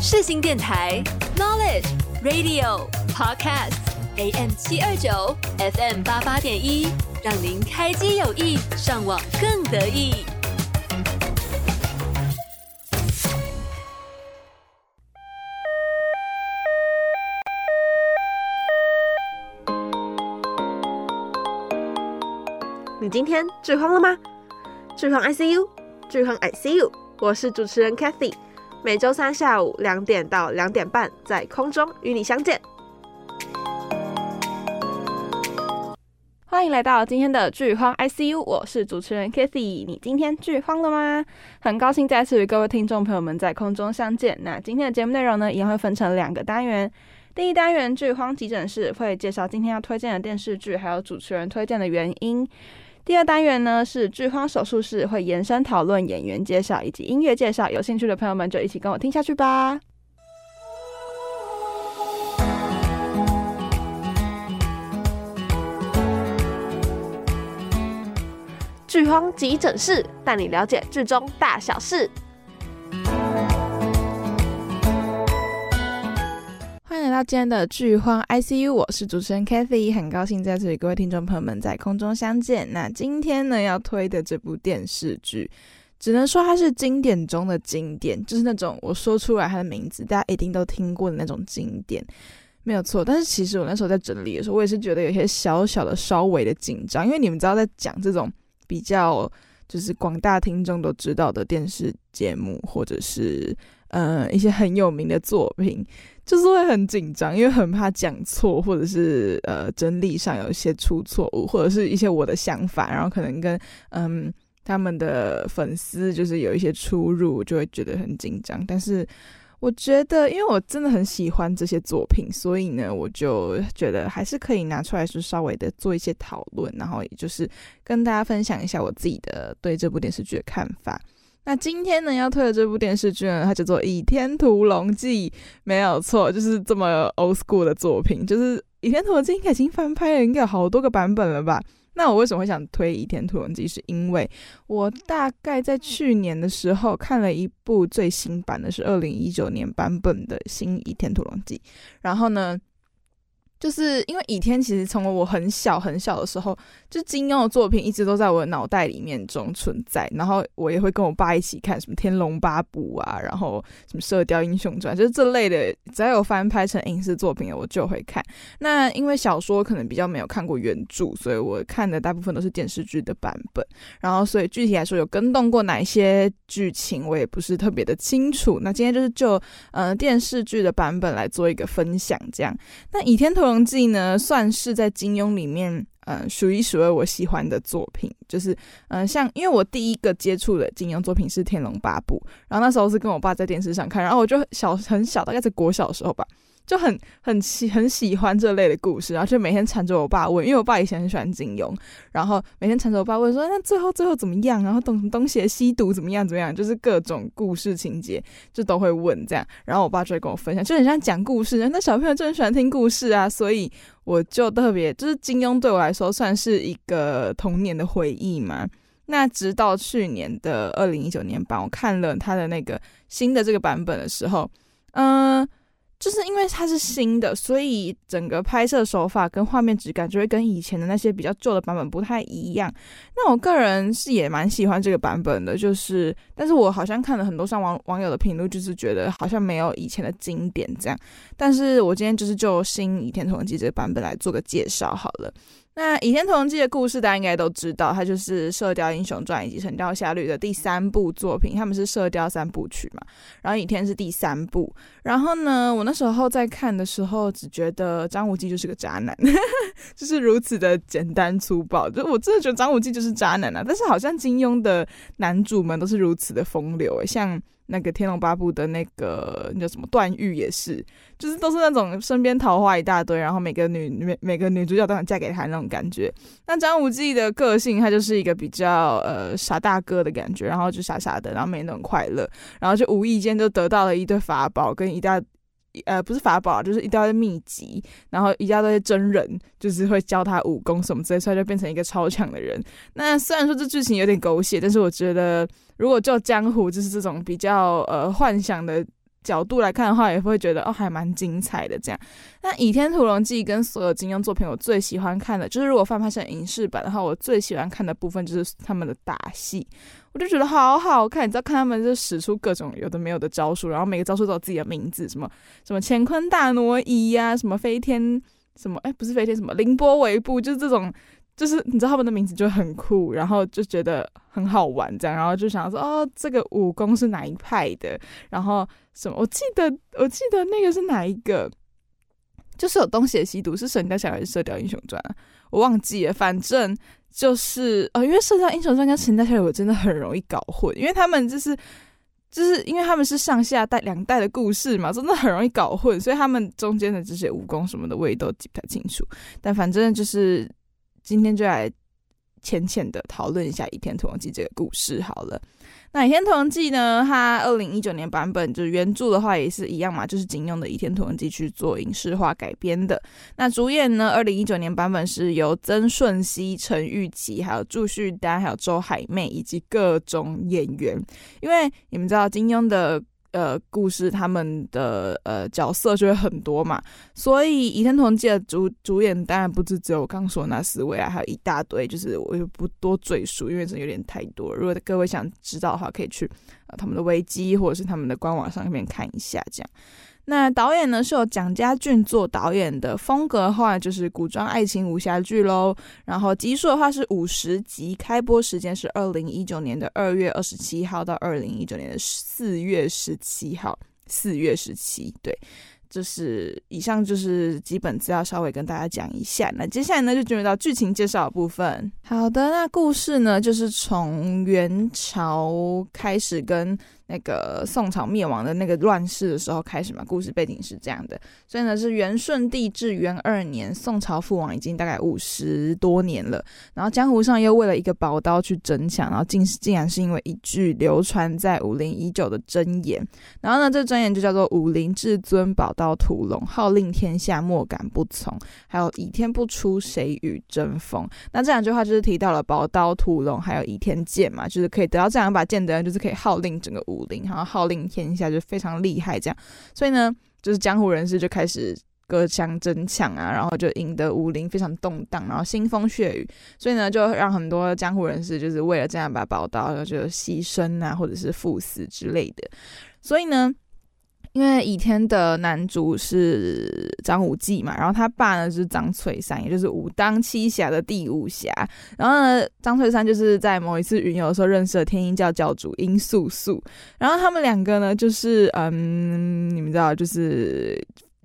世新電台 Knowledge Radio Podcast AM 七二九 FM 八八點一，讓您開機有意，上網更得意。你今天最慌了嗎？最慌 ICU，最慌 ICU，最慌 ICU。我是主持人 Cathy。每週三下午兩點到兩點半，在空中與你相見。歡迎來到今天的劇荒 ICU，我是主持人 Kathy。你今天劇荒了嗎？很高興再次與各位聽眾朋友們在空中相見。那今天的節目內容呢，一樣會分成兩個單元。第一單元劇荒急診室會介紹今天要推薦的電視劇，還有主持人推薦的原因。第二單元呢，是劇荒手術室，會延伸討論演員介紹以及音樂介紹。有興趣的朋友們就一起跟我聽下去吧！劇荒急診室帶你了解劇中大小事。看到今天的劇荒 ICU，我是主持人 Kathy，很高興在這裡各位聽眾朋友們在空中相見。那今天呢要推的這部電視劇，只能說它是經典中的經典，就是那種我說出來它的名字，大家一定都聽過的那種經典，沒有錯。但是其實我那時候在整理的時候，我也是覺得有些小小的、稍微的緊張，因為你們知道，在講這種比較就是廣大聽眾都知道的電視節目，或者是呃一些很有名的作品。就是會很緊張，因為很怕講錯，或者是呃，真理上有一些出錯誤，或者是一些我的想法，然後可能跟嗯他們的粉絲就是有一些出入，就會覺得很緊張。但是我覺得，因為我真的很喜歡這些作品，所以呢，我就覺得還是可以拿出來，是稍微的做一些討論，然後也就是跟大家分享一下我自己的對這部電視劇的看法。那今天呢，要推的這部電視劇呢，它叫做《倚天屠龍記》，沒有錯，就是這麼 old school 的作品。就是《倚天屠龍記》應該已經翻拍了，應該有好多個版本了吧？那我為什麼會想推《倚天屠龍記》？是因為我大概在去年的時候看了一部最新版的，是二零一九年版本的新《倚天屠龍記》，然後呢，就是因為《倚天》其實從我很小很小的時候，就金庸的作品一直都在我的腦袋裡面中存在。然後我也會跟我爸一起看什麼《天龍八部》啊，然後什麼《射鵰英雄傳》，就是這類的，只要有翻拍成影視作品的我就會看。那因為小說可能比較沒有看過原著，所以我看的大部分都是電視劇的版本。然後，所以具體來說有更動過哪些劇情，我也不是特別的清楚。那今天就是就嗯、呃、電視劇的版本來做一個分享，這樣。那《倚天屠》《龍記》呢，算是在金庸裡面，嗯，數一數二我喜歡的作品，就是，嗯，像，因為我第一個接觸的金庸作品是《天龍八部》，然後那時候是跟我爸在電視上看，然後我就很小很小，大概在國小的時候吧。就很很喜很喜歡這類的故事，然後就每天纏着我爸問，因為我爸以前很喜歡金庸，然後每天纏着我爸問說：“那最後最後怎麼樣？然後東、東邪西毒怎麼樣怎麼樣？就是各種故事情節就都會問這樣。”然後我爸就會跟我分享，就很像講故事。那小朋友就很喜歡聽故事啊，所以我就特別就是金庸對我來說算是一個童年的回憶嘛。那直到去年的二零一九年版，我看了他的那個新的這個版本的時候，嗯。就是因為它是新的，所以整個拍攝手法跟畫面質感就會跟以前的那些比較舊的版本不太一樣。那我個人是也蠻喜歡這個版本的，就是，但是我好像看了很多上網網友的評論，就是覺得好像沒有以前的經典這樣。但是，我今天就是就新《倚天屠龍記》這個版本來做個介紹好了。那《倚天屠龍記》的故事大家應該都知道，它就是《射鵰英雄傳》以及《神鵰俠侶》的第三部作品，他們是《射鵰》三部曲嘛。然後《倚天》是第三部。然後呢，我那時候在看的時候，只覺得張無忌就是個渣男， 就是如此的簡單粗暴。就我真的覺得張無忌就是渣男啊！但是好像金庸的男主們都是如此的風流耶，像。那個、那個《天龍八部》的那個那叫什麼段譽也是，就是都是那種身邊桃花一大堆，然後每個女每每個女主角都想嫁給他那種感覺。那張無忌的個性，他就是一個比較呃傻大哥的感覺，然後就傻傻的，然後沒那種快樂，然後就無意間就得到了一堆法寶跟一大。呃，不是法寶，就是一大堆秘籍，然後一大堆真人，就是會教他武功什麼之類，所以就變成一個超強的人。那雖然說這劇情有點狗血，但是我覺得如果就江湖，就是這種比較呃幻想的。角度來看的話，也會覺得哦，還蠻精彩的這樣。那《倚天屠龍記》跟所有金庸作品，我最喜歡看的就是，如果翻拍成影視版的話，我最喜歡看的部分就是他們的打戲，我就覺得好好看。你知道，看他們就使出各種有的沒有的招數，然後每個招數都有自己的名字，什麼什麼乾坤大挪移呀、啊，什麼飛天什麼，哎，不是飛天，什麼凌波微步，就是這種。就是你知道他們的名字就很酷，然後就覺得很好玩，這樣，然後就想說哦，這個武功是哪一派的？然後什麼？我記得，我記得那個是哪一個？就是有東邪西毒是神雕俠侶還是射雕英雄傳，啊？我忘記了。反正就是哦，因為射雕英雄傳跟神雕俠侶我真的很容易搞混，因為他們就是就是因為他們是上下代兩代的故事嘛，真的很容易搞混，所以他們中間的這些武功什麼的，我也都記不太清楚。但反正就是。今天就來淺淺的討論一下《倚天屠龍記》這個故事好了。那《倚天屠龍記》呢，它二零一九年版本就是原著的話也是一樣嘛，就是金庸的《倚天屠龍記》去做影視化改編的。那主演呢，二零一九年版本是由曾舜晞、陳鈺琪、還有祝緒丹、還有周海媚以及各種演員。因為你們知道金庸的。呃，故事他們的呃角色就會很多嘛，所以《倚天屠龍記》的主主演當然不是只有我剛說那四位啊，還有一大堆，就是我就不多贅述，因為這有點太多。如果各位想知道的話，可以去、呃、他們的維基或者是他們的官網上面看一下這樣。那導演呢是由蔣家駿做導演的，風格的話就是古裝愛情武俠劇嘍。然後集數的話是五十集，開播時間是二零一九年的二月二十七號到二零一九年的四月十七號。四月十七，對，這是，就是以上就是基本資料，稍微跟大家講一下。那接下來呢就進入到劇情介紹的部分。好的，那故事呢就是從元朝開始跟。那個宋朝滅亡的那個亂世的時候開始嘛，故事背景是這樣的，所以呢是元順帝至元二年，宋朝覆亡已經大概五十多年了，然後江湖上又為了一個寶刀去爭搶，然後竟竟然是因為一句流傳在武林已久的真言，然後呢這真言就叫做武林至尊寶刀屠龍，號令天下莫敢不從，還有倚天不出，誰與爭鋒，那這兩句話就是提到了寶刀屠龍還有倚天劍嘛，就是可以得到這兩把劍的人就是可以號令整個武武林，然後號令天下就非常厲害，這樣，所以呢，就是江湖人士就開始各相爭搶啊，然後就引得武林非常動盪，然後腥風血雨，所以呢，就讓很多江湖人士就是為了這兩把寶刀，就犧牲啊，或者是赴死之類的，所以呢。因為倚天的男主是張無忌嘛，然後他爸呢就是張翠山，也就是武當七俠的第五俠。然後呢，張翠山就是在某一次雲遊的時候認識了天鷹教教主殷素素，然後他們兩個呢就是嗯，你們知道就是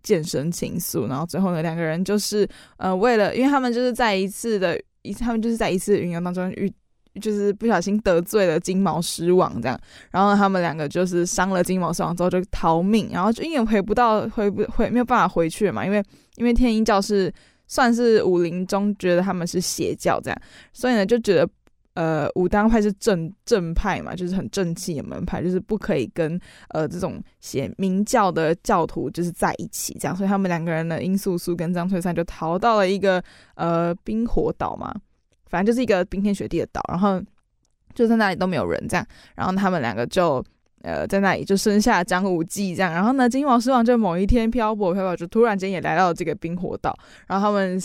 漸生情愫，然後最後呢兩個人就是呃為了，因為他們就是在一次的一他們就是在一次雲遊當中遇。就是不小心得罪了金毛獅王這樣，然後他們兩個就是傷了金毛獅王之後就逃命，然後就因為回不到回不回沒有辦法回去了嘛，因為因為天鷹教是算是武林中覺得他們是邪教這樣，所以呢就覺得呃武當派是正正派嘛，就是很正氣的門派，就是不可以跟呃這種邪明教的教徒就是在一起這樣，所以他們兩個人呢，殷素素跟張翠山就逃到了一個呃冰火島嘛。反正就是一個冰天雪地的島，然後就在那裡都沒有人這樣，然後他們兩個就呃在那裡就生下張無忌這樣，然後呢金毛獅王就某一天漂泊漂泊就突然間也來到了這個冰火島，然後他們。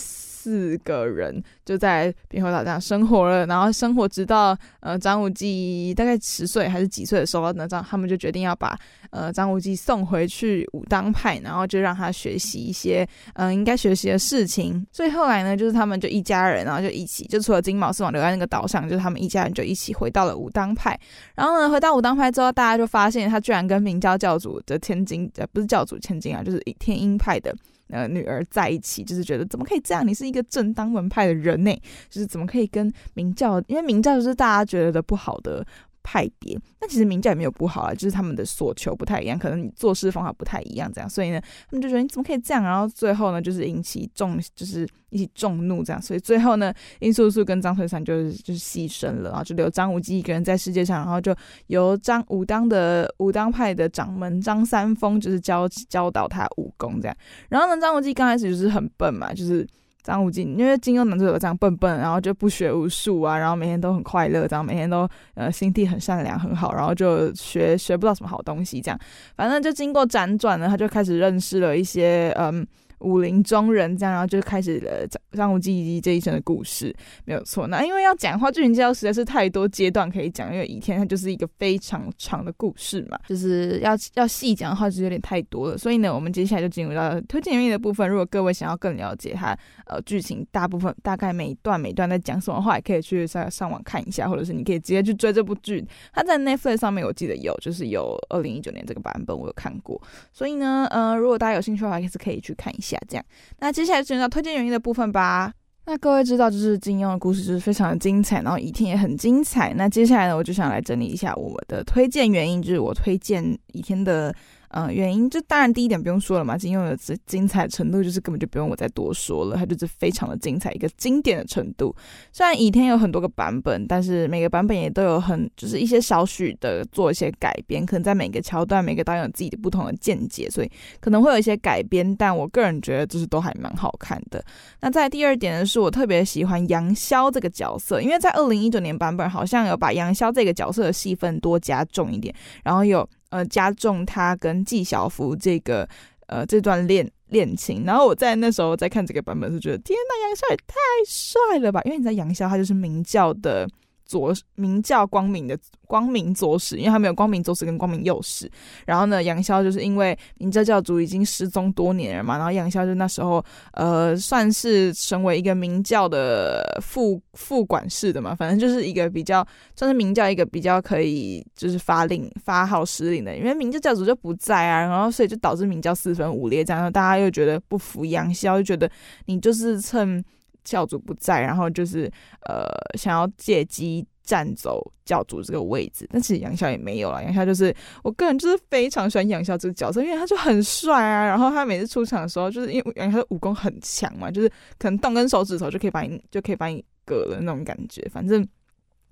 四個人就在冰火島上生活了，然後生活直到呃張無忌大概十歲還是幾歲的時候，那張他們就決定要把呃張無忌送回去武當派，然後就讓他學習一些嗯、呃、應該學習的事情。所以後來呢，就是他們就一家人，然後就一起，就除了金毛獅王留在那個島上，就是他們一家人就一起回到了武當派。然後呢，回到武當派之後，大家就發現他居然跟明教教主的千金，呃不是教主千金啊，就是天鷹派的。呃，女兒在一起，就是覺得怎麼可以這樣？你是一個正當門派的人呢、欸，就是怎麼可以跟明教？因為明教就是大家覺得的不好的。派別，那其實明教也沒有不好啊，就是他們的所求不太一樣，可能你做事方法不太一樣，這樣，所以呢，他們就覺得你怎麼可以這樣？然後最後呢，就是引起眾，就是引起眾怒這樣，所以最後呢，殷素素跟張翠山就是就是犧牲了，然後就留張無忌一個人在世界上，然後就由張武當的武當派的掌門張三丰就是教教導他武功這樣，然後呢，張無忌剛開始就是很笨嘛，就是。張無忌，因為金庸男主角這樣笨笨，然後就不學無術啊，然後每天都很快樂，這樣每天都呃心地很善良很好，然後就學學不到什麼好東西，這樣，反正就經過輾轉呢，他就開始認識了一些嗯。武林中人這樣，然後就開始了講張無忌這一生的故事，沒有錯。那因為要講的話，劇情介紹實在是太多階段可以講，因為倚天它就是一個非常長的故事嘛，就是要要細講的話，其實有點太多了。所以呢，我們接下來就進入到推薦原因的部分。如果各位想要更了解它呃劇情，大部分大概每一段每段在講什麼話，也可以去上上網看一下，或者是你可以直接去追這部劇。它在 Netflix 上面我記得有，就是有二零一九年這個版本我有看過。所以呢，嗯，如果大家有興趣的話，還是可以去看一下。下降。那接下來就進入到推薦原因的部分吧。那各位知道，就是金庸的故事就是非常的精彩，然後倚天也很精彩。那接下來呢，我就想來整理一下我的推薦原因，就是我推薦倚天的。嗯、呃，原因就當然第一點不用說了嘛，金庸的這精彩程度就是根本就不用我再多說了，它就是非常的精彩，一個經典的程度。雖然倚天有很多個版本，但是每個版本也都有很就是一些少許的做一些改編，可能在每個橋段每個導演有自己的不同的見解，所以可能會有一些改編，但我個人覺得就是都還蠻好看的。那在第二點呢，是我特別喜歡楊逍這個角色，因為在二零一九年版本好像有把楊逍這個角色的戲份多加重一點，然後有。呃，加重他跟紀曉芙這個呃這段戀戀情，然後我在那時候在看這個版本是覺得，天吶，楊逍也太帥了吧，因為你知道楊逍他就是明教的。左明教光明的光明左使，因為他沒有光明左使跟光明右使。然後呢，楊逍就是因為明教教主已經失蹤多年了嘛，然後楊逍就那時候呃算是成為一個明教的副副管事的嘛，反正就是一個比較算是明教一個比較可以就是發令發號施令的，因為明教教主就不在啊，然後所以就導致明教四分五裂，這樣大家又覺得不服楊逍，又覺得你就是趁。教主不在，然後就是呃，想要借機占走教主這個位置。但其實楊逍也沒有了，楊逍就是，我個人就是非常喜歡楊逍這個角色，因為他就很帥啊。然後他每次出場的時候，就是因為楊逍的武功很強嘛，就是可能動根手指頭就可以把你就可以把你割了那種感覺，反正。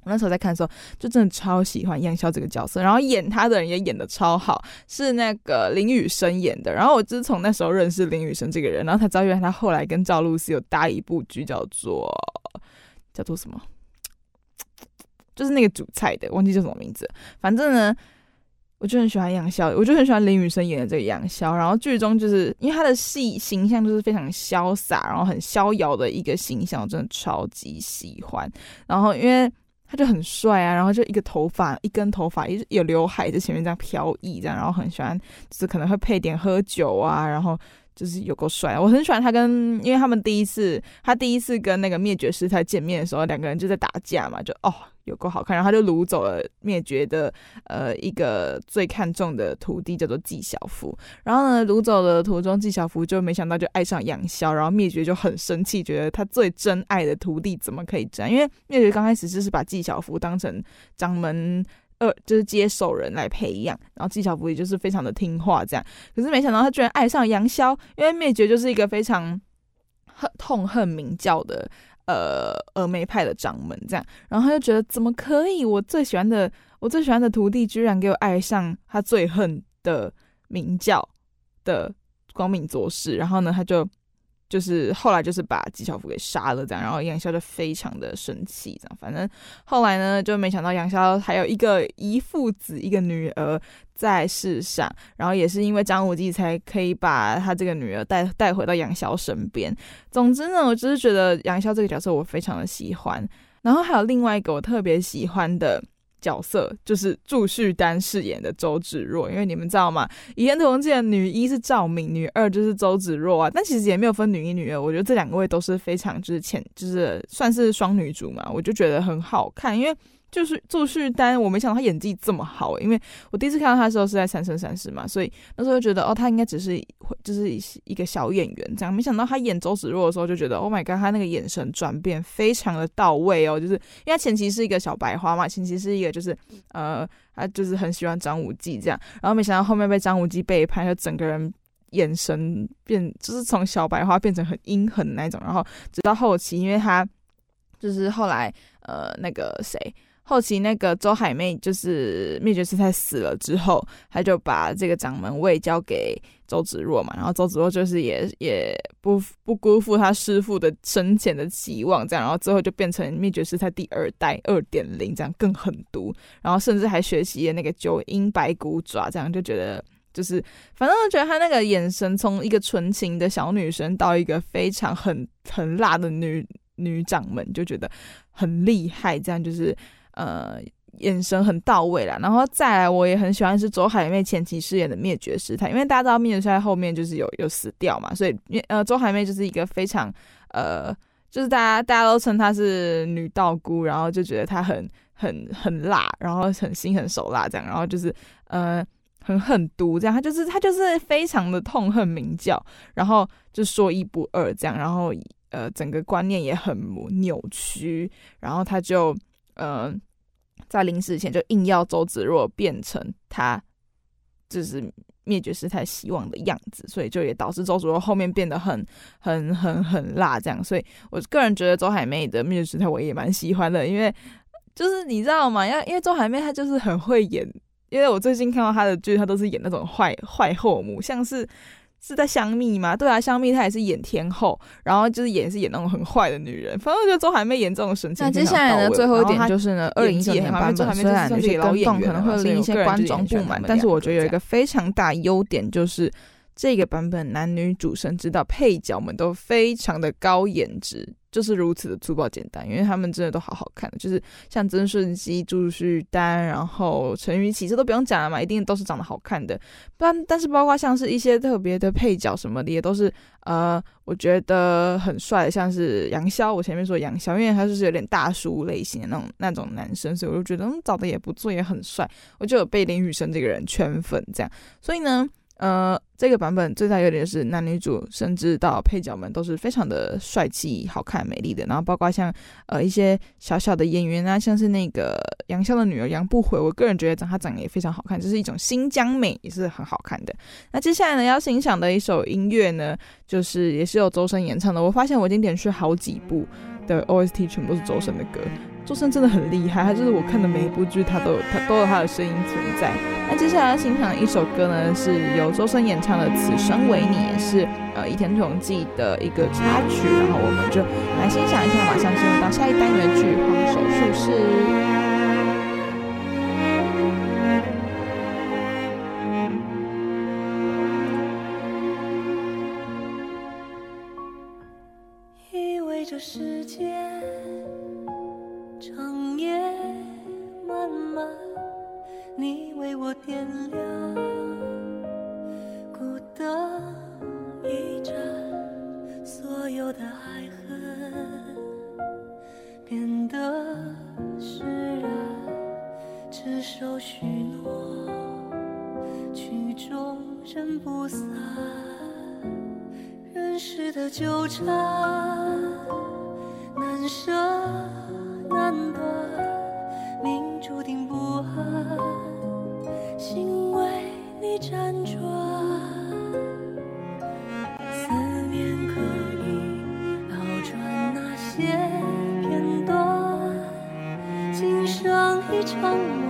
那時候在看的時候，就真的超喜歡楊逍這個角色，然後演他的人也演得超好，是那個林雨生演的。然後我自從那時候認識林雨生這個人，然後才知道，原來他後來跟趙露思有搭一部劇，叫做叫做什麼，就是那個主菜的，忘記叫什麼名字。反正呢，我就很喜歡楊逍，我就很喜歡林雨生演的這個楊逍。然後劇中就是因為他的戲形象就是非常瀟灑，然後很逍遙的一個形象，我真的超級喜歡。然後因為。他就很帥啊，然後就一個頭髮一根頭髮，一直有劉海在前面這樣飄逸，這樣，然後很喜歡，就是可能會配點喝酒啊，然後。就是有夠帥，我很喜歡他跟，因為他們第一次他第一次跟那個滅絕師太見面的時候，兩個人就在打架嘛，就哦有夠好看，然後他就擄走了滅絕的呃一個最看重的徒弟叫做紀曉芙，然後呢擄走的途中紀曉芙就沒想到就愛上楊逍，然後滅絕就很生氣，覺得他最真愛的徒弟怎麼可以這樣，因為滅絕剛開始就是把紀曉芙當成掌門。呃，就是接手人來培養，然後紀曉芙也就是非常的聽話，這樣。可是沒想到他居然愛上楊逍，因為滅絕就是一個非常恨痛恨明教的，呃，峨眉派的掌門這樣。然後他就覺得怎麼可以，我最喜歡的，我最喜歡的徒弟居然給我愛上他最恨的明教的光明左使。然後呢，他就。就是後來就是把紀曉芙給殺了這樣，然後楊逍就非常的生氣這樣。反正後來呢，就沒想到楊逍還有一個遺腹子、一個女兒在世上，然後也是因為張無忌才可以把他這個女兒帶帶回到楊逍身邊。總之呢，我只是覺得楊逍這個角色我非常的喜歡，然後還有另外一個我特別喜歡的。角色就是祝緒丹飾演的周芷若，因為你們知道嗎？《倚天屠龍記》的女一是趙敏，女二就是周芷若啊。但其實也沒有分女一女二，我覺得這兩個位都是非常之前，淺就是算是雙女主嘛，我就覺得很好看，因為。就是祝緒丹，我沒想到他演技這麼好，因為我第一次看到他的時候是在《三生三世》嘛，所以那時候就覺得哦，他應該只是就是一個小演員這樣。沒想到他演周芷若的時候，就覺得 Oh、哦、my god，他那個眼神轉變非常的到位哦，就是因為他前期是一個小白花嘛，前期是一個就是呃，他就是很喜歡張無忌這樣，然後沒想到後面被張無忌背叛，就整個人眼神變，就是從小白花變成很陰狠那種，然後直到後期，因為他就是後來呃那個誰。後期那個周海媚就是滅絕師太死了之後，她就把這個掌門位交給周芷若嘛，然後周芷若就是也也不不辜負她師父的生前的期望，這樣，然後最後就變成滅絕師太第二代二點零，這樣更狠毒，然後甚至還學習那個九陰白骨爪，這樣就覺得就是，反正我覺得她那個眼神從一個純情的小女生到一個非常很很辣的女女掌門，就覺得很厲害，這樣就是。呃，眼神很到位啦，然後再來，我也很喜歡是周海媚前期飾演的滅絕師太，因為大家都知道滅絕師太後面就是有有死掉嘛，所以呃，周海媚就是一個非常呃，就是大家大家都稱她是女道姑，然後就覺得她很很很辣，然後很心狠手辣這樣，然後就是呃，很狠毒這樣，她就是她就是非常的痛恨明教，然後就說一不二這樣，然後呃，整個觀念也很扭曲，然後她就呃。在臨死前就硬要周芷若變成他，就是滅絕師太希望的樣子，所以就也導致周芷若後面變得很、很、很、很辣這樣。所以我個人覺得周海媚的滅絕師太我也蠻喜歡的，因為就是你知道嗎？因為因為周海媚她就是很會演，因為我最近看到她的劇，她都是演那種壞壞後母，像是。是在香蜜嗎？對啊，香蜜她也是演天後，然後就是演是演那種很壞的女人。反正我覺得周海媚演這種神情非常到位，那接下來呢，最後一點就是呢，二零一九年版本雖然有老演員可能會令一些觀眾不滿，但是我覺得有一個非常大優點就是。這個版本男女主神知道配角們都非常的高顏值，就是如此的粗暴簡單，因為他們真的都好好看的，就是像曾舜晞、祝緒丹、然後陳鈺琪，這都不用講了嘛，一定都是長得好看的。但但是包括像是一些特別的配角什麼的，也都是呃，我覺得很帥的，像是楊逍。我前面說楊逍，因為他就是有點大叔類型的那種那種男生，所以我就覺得長得、嗯、也不錯，也很帥。我就有被林雨申這個人圈粉這樣，所以呢。呃，這個版本最大優點是男女主，甚至到配角們都是非常的帥氣、好看、美麗的。然後包括像呃一些小小的演員啊，像是那個楊逍的女兒楊不悔，我個人覺得長她長得也非常好看，這、就是一種新疆美，也是很好看的。那接下來呢，要是欣賞的一首音樂呢，就是也是由周深演唱的。我發現我已經點去好幾部的 OST，全部是周深的歌。周深真的很厲害，他就是我看的每一部劇，他都有他都有他的聲音存在。那接下來要欣賞的一首歌呢，是由周深演唱的《此生為你》，也是呃《倚天屠龍記》的一個插曲。然後我們就來欣賞一下，馬上進入到下一單元劇《荒手術室》一場夢。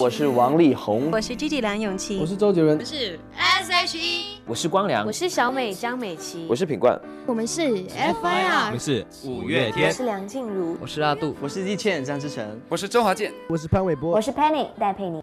我是王力宏，我是 G G 梁詠琪，我是周杰倫，我是 S H E，我是光良，我是小美張美琪，我是品冠，我們是 F I R，我們是五月天，我是梁靜茹，我是阿杜，我是易茜張智成，我是周華健，我是潘瑋柏，我是 Penny 戴佩妮。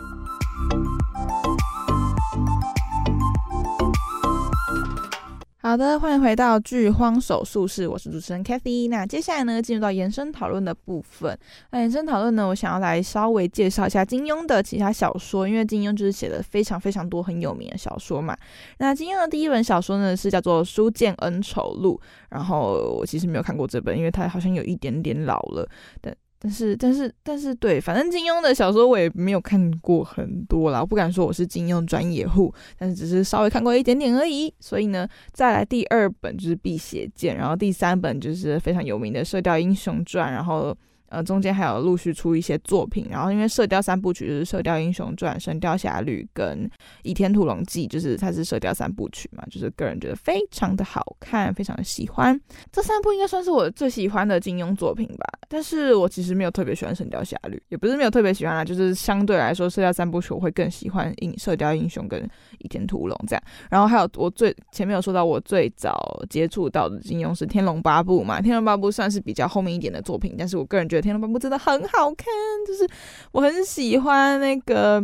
好的，歡迎回到劇荒手術室，我是主持人 Kathy。那接下來呢，進入到延伸討論的部分。那延伸討論呢，我想要來稍微介紹一下金庸的其他小說，因為金庸就是寫的非常非常多很有名的小說嘛。那金庸的第一本小說呢，是叫做《書劍恩仇錄》，然後我其實沒有看過這本，因為它好像有一點點老了。但但是但是但是，對，反正金庸的小說我也沒有看過很多啦。我不敢說我是金庸專業戶，但是只是稍微看過一點點而已。所以呢，再來第二本就是《碧血劍》，然後第三本就是非常有名的《射鵰英雄傳》，然後。呃，中間還有陸續出一些作品，然後因為《射鵰三部曲》就是《射鵰英雄傳》、《神鵰俠侶》跟《倚天屠龍記》，就是它是《射鵰三部曲》嘛，就是個人覺得非常的好看，非常的喜歡這三部，應該算是我最喜歡的金庸作品吧。但是我其實沒有特別喜歡《神鵰俠侶》，也不是沒有特別喜歡啊，就是相對來說《射鵰三部曲》我會更喜歡影《射鵰英雄》跟《倚天屠龍》這樣。然後還有我最前面有說到，我最早接觸到的金庸是天龍八部嘛，《天龍八部》嘛，《天龍八部》算是比較後面一點的作品，但是我個人覺得。《天龍八部》真的很好看，就是我很喜歡那個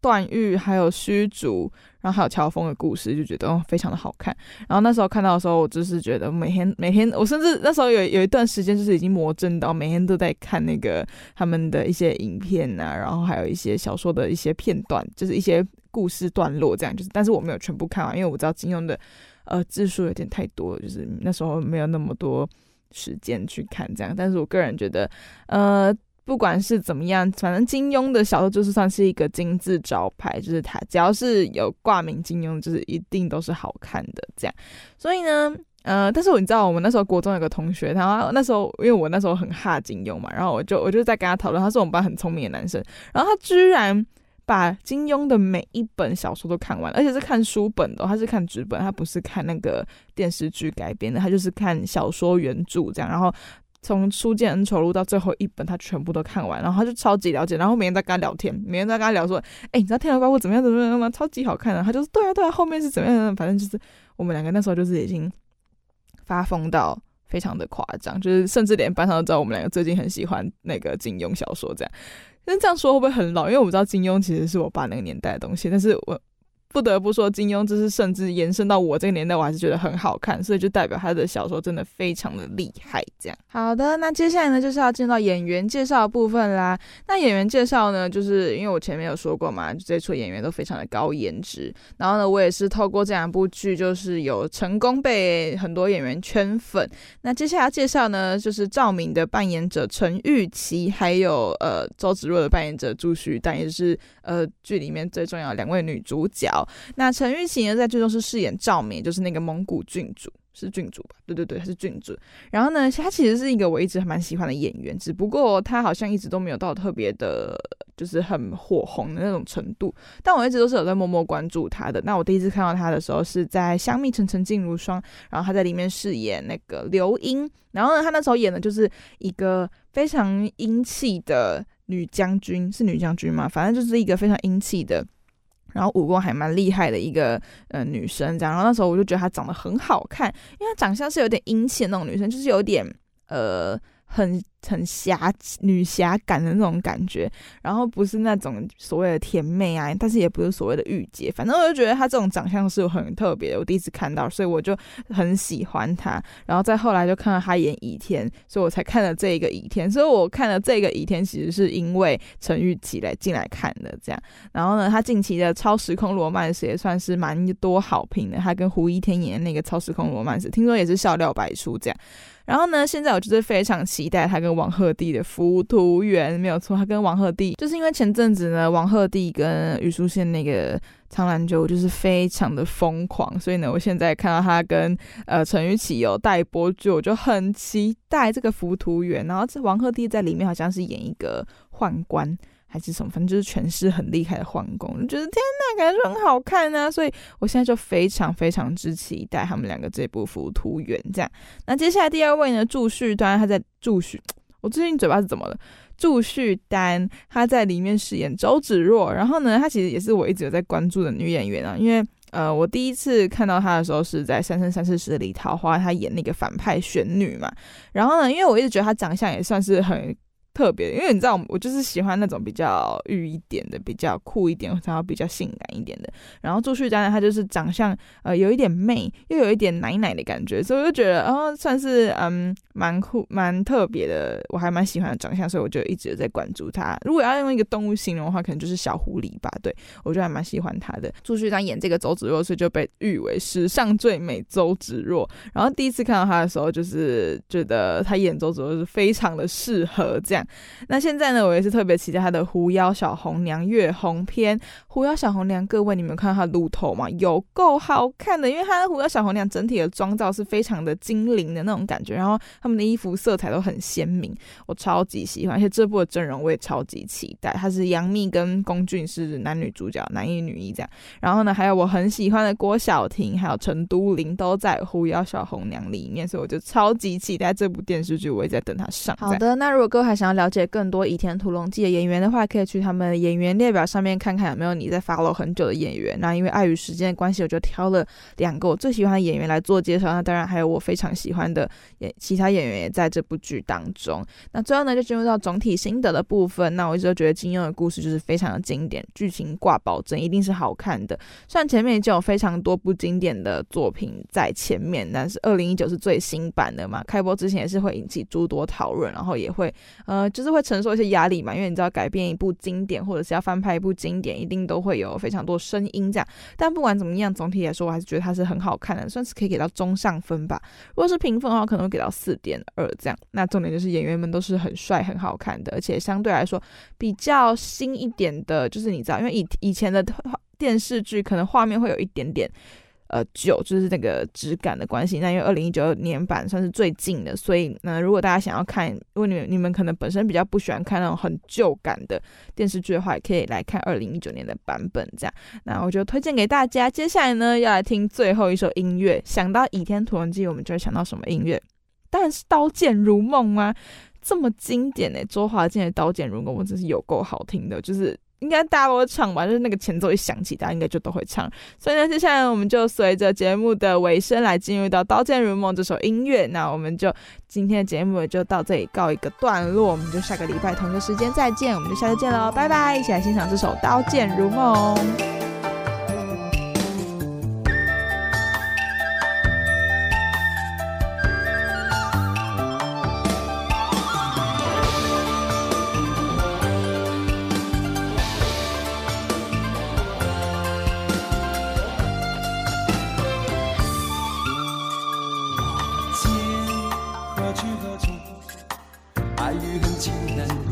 段譽，還有虛竹，然後還有喬峰的故事，就覺得，哦，非常的好看。然後那時候看到的時候，我就是覺得每天每天，我甚至那時候有有一段時間就是已經魔怔到每天都在看那個他們的一些影片啊，然後還有一些小說的一些片段，就是一些故事段落這樣。就是，但是我沒有全部看完，因為我知道金庸的呃字數有點太多，就是那時候沒有那麼多。時間去看這樣，但是我個人覺得，呃，不管是怎麼樣，反正金庸的小說就是算是一個金字招牌，就是他只要是有掛名金庸，就是一定都是好看的這樣。所以呢，呃，但是你知道我們那時候國中有個同學，他那時候，因為我那時候很哈金庸嘛，然後我就我就在跟他討論，他是我們班很聰明的男生，然後他居然把金庸的每一本小說都看完，而且是看書本的，他、哦、是看紙本，他不是看那個電視劇改編的，他就是看小說原著這樣。然後從《書劍恩仇錄》到最後一本，他全部都看完，然後他就超級了解。然後每天在跟他聊天，每天在跟他聊說：“哎、欸，你知道《天龍八部》怎麼樣怎麼樣嗎？超級好看的、啊。”他就說：“對啊對啊，後面是怎麼樣？反正就是我們兩個那時候就是已經發瘋到非常的誇張，就是甚至連班上都知道我們兩個最近很喜歡那個金庸小說這樣。”那這樣說會不會很老？因為我不知道金庸其實是我爸那個年代的東西，但是我。不得不說，金庸這是甚至延伸到我這個年代，我還是覺得很好看，所以就代表他的小說真的非常的厲害。這樣。好的，那接下來呢，就是要進入到演員介紹的部分啦。那演員介紹呢，就是因為我前面有說過嘛，就這出演員都非常的高顏值。然後呢，我也是透過這兩部劇，就是有成功被很多演員圈粉。那接下來要介紹呢，就是趙敏的扮演者陳鈺琪，還有呃周芷若的扮演者祝緒丹，也就是呃劇裡面最重要的兩位女主角。那陳鈺琪呢，在劇中是飾演趙敏，就是那個蒙古郡主，是郡主吧？對對對，她是郡主。然後呢，她其實是一個我一直還蠻喜歡的演員，只不過她好像一直都沒有到特別的，就是很火紅的那種程度。但我一直都是有在默默關注她的。那我第一次看到她的時候，是在《香蜜沉沉燼如霜》，然後她在裡面飾演那個鎏英。然後呢，她那時候演的就是一個非常英氣的女將軍，是女將軍嗎？反正就是一個非常英氣的。然後武功還蠻厲害的一個呃女生，這樣。然後那時候我就覺得她長得很好看，因為她長相是有點英氣的那種女生，就是有點呃很。很俠女俠感的那種感覺，然後不是那種所謂的甜妹啊，但是也不是所謂的御姐，反正我就覺得她這種長相是很特別的，我第一次看到，所以我就很喜歡她。然後再後來就看到她演倚天，所以我才看了這一個倚天。所以我看了這個倚天，天其實是因為陳玉琪來進來看的這樣。然後呢，她近期的《超時空羅曼史》也算是蠻多好評的，她跟胡一天演的那個《超時空羅曼史》，聽說也是笑料百出這樣。然後呢，現在我就是非常期待她跟。王鶴棣的《浮圖緣》沒有錯，他跟王鶴棣就是因為前陣子呢，王鶴棣跟虞書欣那個《蒼蘭訣》就是非常的瘋狂，所以呢，我現在看到他跟呃陳玉琪有帶播劇，我就很期待這個《浮圖緣》。然後這王鶴棣在裡面好像是演一個宦官還是什麼，反正就是詮釋很厲害的宦官，覺、就、得、是、天吶，感覺就很好看啊，所以我現在就非常非常之期待他們兩個這部《浮圖緣》這樣。那接下來第二位呢，祝緒丹，當然他在祝緒。我最近嘴巴是怎麼了？祝緒丹她在裡面飾演周芷若，然後呢，她其實也是我一直有在關注的女演員啊，因為呃，我第一次看到她的時候是在《三生三世十里桃花》，她演那個反派玄女嘛，然後呢，因為我一直覺得她長相也算是很。特別，因為你知道我，我就是喜歡那種比較御一點的，比較酷一點，然後比較性感一點的。然後祝緒丹呢，他就是長相呃有一點媚，又有一點奶奶的感覺，所以我就覺得，然、哦、後算是嗯蠻酷蠻特別的，我還蠻喜歡的長相，所以我就一直在關注他。如果要用一個動物形容的話，可能就是小狐狸吧。對，我就還蠻喜歡他的。祝緒丹演這個周芷若，所以就被譽為史上最美周芷若。然後第一次看到他的時候，就是覺得他演周芷若是非常的適合這樣。那現在呢，我也是特別期待他的《狐妖小紅娘月紅篇》。《狐妖小紅娘》，各位你們看到他的路透嗎？有夠好看的，因為他的《狐妖小紅娘》整體的妝造是非常的精靈的那種感覺，然後他們的衣服色彩都很鮮明，我超級喜歡。而且這部的陣容我也超級期待，他是楊冪跟龔俊是男女主角，男一女一這樣。然後呢，還有我很喜歡的郭曉婷，還有陳都靈都在《狐妖小紅娘》裡面，所以我就超級期待這部電視劇。我也在等它上。好的，那如果各位還想要。了解更多《倚天屠龍記》的演員的話，可以去他們演員列表上面看看有沒有你在 follow 很久的演員。那因為礙於時間的關係，我就挑了兩個我最喜歡的演員來做介紹。那當然還有我非常喜歡的演，其他演員也在這部劇當中。那最後呢，就進入到總體心得的部分。那我一直都覺得金庸的故事就是非常的經典，劇情掛保證一定是好看的。雖然前面已經有非常多部經典的作品在前面，但是2019是最新版的嘛，開播之前也是會引起諸多討論，然後也會、嗯呃，就是會承受一些壓力嘛，因為你知道，改編一部經典或者是要翻拍一部經典，一定都會有非常多聲音這樣。但不管怎麼樣，總體來說，我還是覺得它是很好看的，算是可以給到中上分吧。如果是評分的話，可能會給到四點二這樣。那重點就是演員們都是很帥、很好看的，而且相對來說比較新一點的，就是你知道，因為以以前的電視劇可能畫面會有一點點。呃，舊就是那個質感的關係，那因為二零一九年版算是最近的，所以呢，如果大家想要看，如果你們你們可能本身比較不喜歡看那種很舊感的電視劇的話，也可以來看二零一九年的版本這樣。那我就推薦給大家。接下來呢，要來聽最後一首音樂。想到《倚天屠龍記》，我們就會想到什麼音樂？當然是《刀劍如夢》、啊嗎？這麼經典哎、欸，周華健的《刀劍如夢》我真是有夠好聽的，就是。應該大家都會唱吧，就是那個前奏一響起，大家應該就都會唱。所以呢，接下來我們就隨着節目的尾聲來進入到《刀劍如夢》這首音樂。那我們就今天的節目也就到這裡告一個段落，我們就下個禮拜同一個時間再見，我們就下次見嘍，拜拜！一起來欣賞這首《刀劍如夢》。愛與恨，情難。